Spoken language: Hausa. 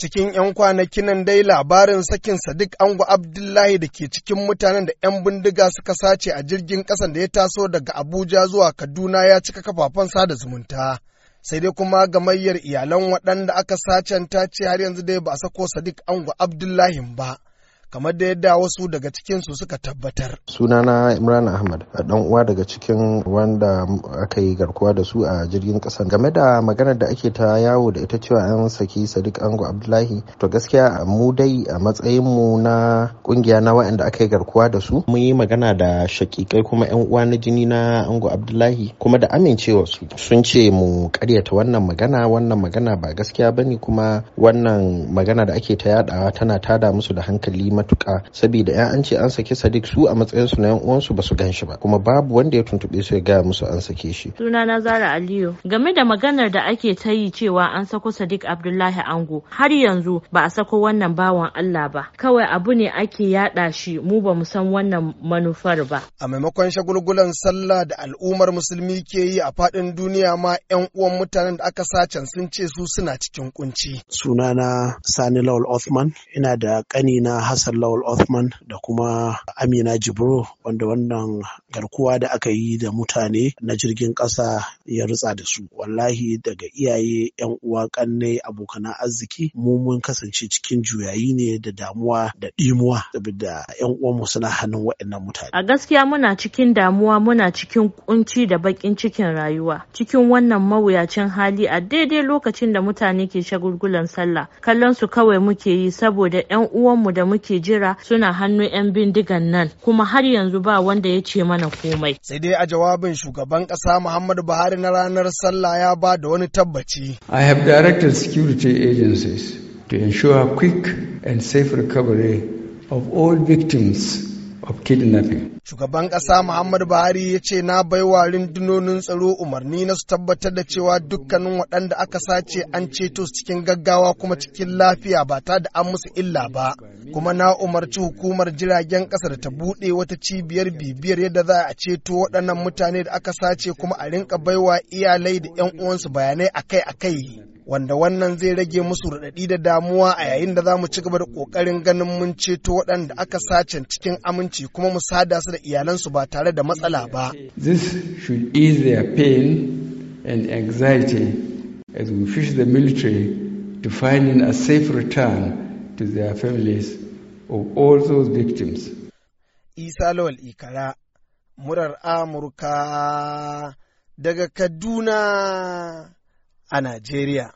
Cikin ‘yan kwanaki nan dai labarin sakin Sadiq Angu Abdullahi da ke cikin mutanen da ‘yan bindiga suka sace a jirgin ƙasan da ya taso daga Abuja zuwa Kaduna ya cika kafafen sada zumunta. Sai dai kuma gamayyar iyalan waɗanda aka sacen ta ce har yanzu dai ba a sako Sadiq Angu Abdullahi ba. kamar da yadda wasu daga cikin su suka tabbatar. Sunana Imran Ahmad, a dan uwa daga cikin wanda aka yi garkuwa da su a jirgin kasa. Game da maganar da ake ta yawo da ita cewa an saki Sadiq Ango Abdullahi, to gaskiya mu dai a matsayin mu na kungiya na waɗanda aka yi garkuwa da su, mun yi magana da shakikai kuma yan uwa na jini na Ango Abdullahi kuma da amincewa su. Sun ce mu karyata wannan magana, wannan magana ba gaskiya bane kuma wannan magana da ake ta yadawa tana tada musu da hankali matuka saboda ya an ce an saki sadiq su a matsayin su na yan uwansu ba su gan shi ba kuma babu wanda ya tuntube su ya gaya musu an sake shi Suna na zara aliyu game da maganar da ake ta yi cewa an sako sadiq abdullahi ango har yanzu ba a sako wannan bawan allah ba kawai abu ne ake yada shi mu ba mu san wannan manufar ba a maimakon shagulgulan sallah da al'ummar musulmi ke yi a faɗin duniya ma 'yan uwan mutanen da aka sace sun ce su suna cikin kunci sunana sani lawal othman ina da ƙanina hassan Sallawul Othman da kuma Amina Jibro wanda wannan garkuwa da aka yi da mutane na jirgin ƙasa ya rutsa da su. Wallahi daga iyaye, 'yan uwa, ƙanne, abokanan arziki mu mun kasance cikin juyayi ne da damuwa da ɗimuwa saboda 'yan uwanmu suna hannun waɗannan mutane. A gaskiya muna cikin damuwa muna cikin kunci da baƙin cikin rayuwa cikin wannan mawuyacin hali a daidai lokacin da mutane ke shagulgulan sallah kallon su kawai muke yi saboda 'yan uwanmu da muke ake jira suna hannu 'yan bindigan nan kuma har yanzu ba wanda ya ce mana komai. Sai dai a jawabin shugaban ƙasa Muhammadu Buhari na ranar sallah ya ba da wani tabbaci. I have directed security agencies to ensure quick and safe recovery of all victims of kidnapping. Shugaban ƙasa Muhammadu Buhari ya ce na baiwa rundunonin tsaro umarni na su tabbatar da cewa dukkanin waɗanda aka sace an ceto su cikin gaggawa kuma cikin lafiya ba ta da an musu illa ba. kuma na umarci hukumar jiragen ƙasa da ta buɗe wata cibiyar bibiyar yadda za a ceto waɗannan mutane da aka sace kuma a rinka baiwa iyalai da 'yan uwansu bayanai akai-akai. wanda wannan zai rage musu raɗaɗi da damuwa a yayin da za mu ci gaba da ƙoƙarin ganin mun ceto waɗanda aka sace cikin aminci kuma mu sada su da iyalansu ba tare da matsala ba. This should ease their pain and anxiety as we fish the military to find a safe return to their families of all those victims. Isa Lawal Ikara, murar Amurka daga Kaduna a Najeriya.